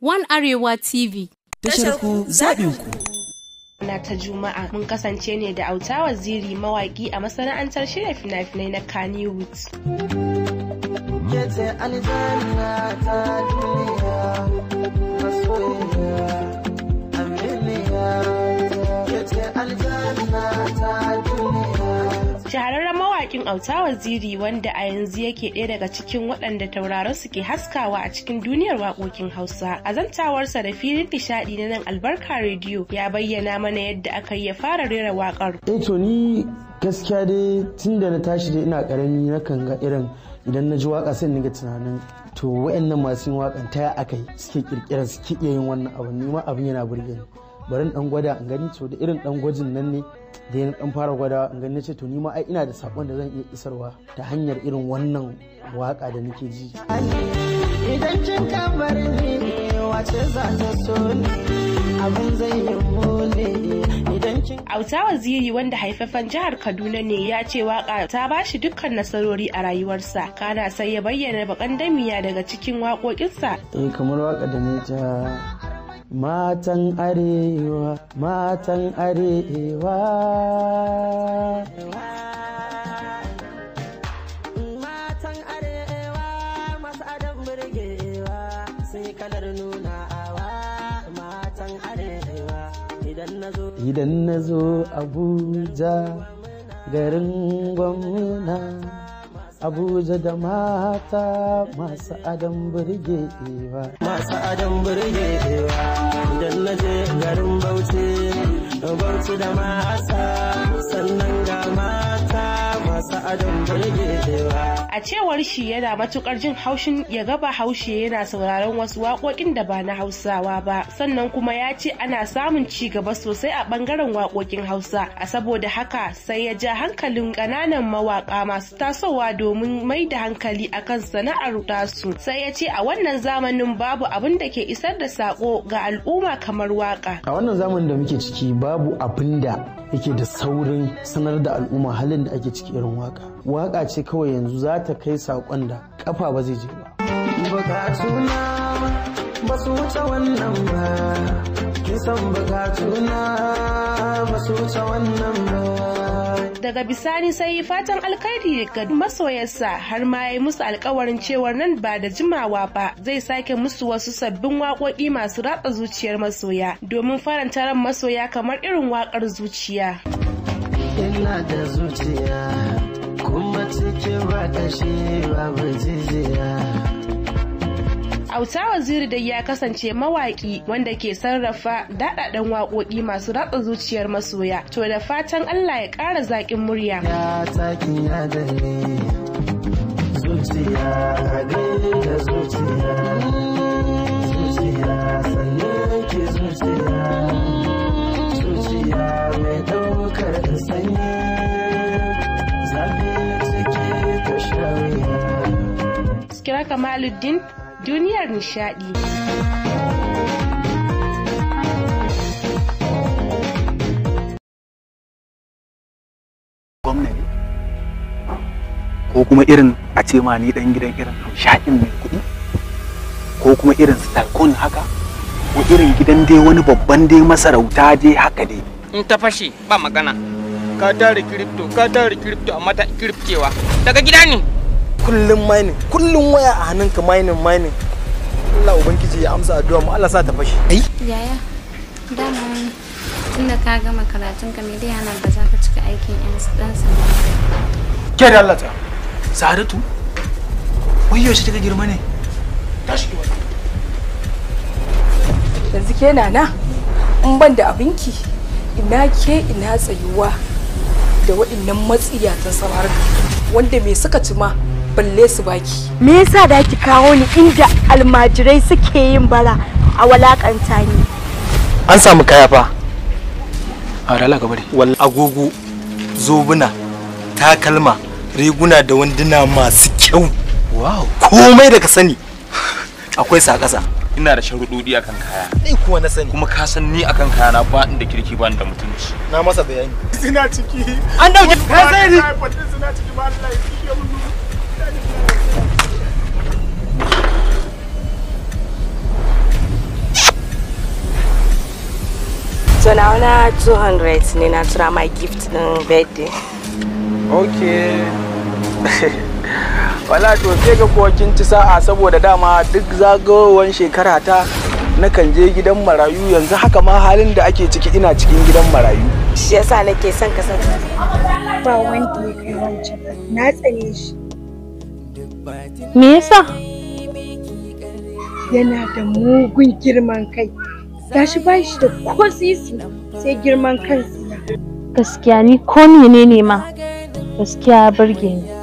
One Arewa TV. na ta juma'a mun kasance ne da auta waziri mawaƙi a masana'antar shirya fina-finai na kannywood Yace cikin auta waziri wanda a yanzu yake ɗaya daga cikin waɗanda tauraron su ke haskawa a cikin duniyar waƙoƙin hausa a zantawarsa da filin nishaɗi na nan albarka rediyo ya bayyana mana yadda aka yi ya fara rera waƙar. e to ni gaskiya dai tun da na tashi dai ina ƙarami nakan ga irin idan na ji waka sai ni ga tunanin to wa'annan masu yin waka ta aka yi suke ƙirƙirar suke iya yin wannan abu ni ma abin yana burge bari dan gwada in gani to da irin dan gwajin nan ne da ya dan fara gwada in gani ce to ni ma ai ina da sakon da zan iya isarwa ta hanyar irin wannan waka da nake ji idan kin kamar ni wace za ta so ni abin zai yi mole Auta Waziri wanda haifafan jihar Kaduna ne ya ce waka ta bashi dukkan nasarori a rayuwarsa. Kana sai ya bayyana bakan damiya daga cikin waƙoƙinsa. Eh kamar waka da ne ta matan arewa matan arewa burgewa sun kalar nuna idan na zo abuja garin gwamna abuja da mata masu adam ewa masu adam ewa idan na je garin bauchi bauchi da mata sannan ga mata masu adam burgewa a cewar shi yana matukar jin haushin ya gaba haushe yana sauraron wasu waƙoƙin da ba na hausawa ba sannan kuma ya ce ana samun ci gaba sosai a ɓangaren waƙoƙin hausa a saboda haka sai ya ja hankalin ƙananan mawaƙa masu tasowa domin mai da hankali akan sana'ar tasu sai ya ce a wannan zamanin babu abin da ke isar da sako ga al'umma kamar waƙa. a wannan zamanin da muke ciki babu abin da yake da saurin sanar da al'umma halin da ake ciki irin waka waka ce kawai yanzu za ta kai saƙon da kafa ba zai je ba bukatuna ba su daga bisani sai yi fatan alkhairi ga masoyarsa har ma ya yi musu alkawarin cewa nan ba da jimawa ba zai sake musu wasu sabbin waƙoƙi masu ratsa zuciyar masoya domin faranta ran masoya kamar irin waƙar zuciya. Ina da zuciya kuma cikin ba ƙashi babu jijiya. Auta Waziri dai ya kasance mawaƙi wanda ke sarrafa daɗaɗɗen waƙoƙi masu ratsa zuciyar masoya. To da fatan Allah ya ƙara zaƙin murya. Ya tsaki ya zuciya da zuciya zuciya sannan zuciya zuciya mai ɗaukar da sanyi zafi ciki ta shawuya. Kira Kamaluddin duniyar nishadi. gwamnati ko kuma irin a ce ma ni dan gidan irin hamshaɗin mai kuɗi ko kuma irin stalkon haka ko irin gidan dai wani babban dai masarauta dai haka dai in ta fashe ba magana ka tare kiripto ka tare kiripto amma ta kiriftewa daga gida ne kullum mining kullum waya a hannunka mining mining Allah ubangiji ya amsa addu'a mu Allah sa ta fashi ai yaya dama tunda ka gama karatun ka me dai yana ba za ka cika aikin yan dan sanda ke da Allah ta Sadatu wai shi ta girma ne tashi ki wani yanzu ke nana in ban da abinki ina ke ina tsayuwa da waɗannan matsiyatan samarka wanda me suka ci ma balle su baki me yasa da ki kawo ni inda almajirai suke yin bara a walakanta ni an samu kaya fa a rala ka bari Wal agogo zobuna takalma riguna da wanduna masu kyau wow komai da ka sani akwai sa kasa ina da sharuɗoɗi akan kaya. Ni kuwa na sani. Kuma ka san ni akan kaya na ba inda kirki ba da mutunci. Na masa bayani. Zina ciki. An dauke ka sani. ciki ba Allah ya so na 200 ne na tura my gift din birthday ok wala to sai ga kokin ci sa'a saboda dama duk zagawowar shekara ta kan je gidan marayu yanzu haka ma halin da ake ciki ina cikin gidan marayu shi yasa nake son ka san ba wanda ya kai wancan na tsane shi Me yasa? Yana da mugun girman kai. shi ba shi da ko sisi sai girman kansa. Gaskiya ni ko menene ma gaskiya burge ni.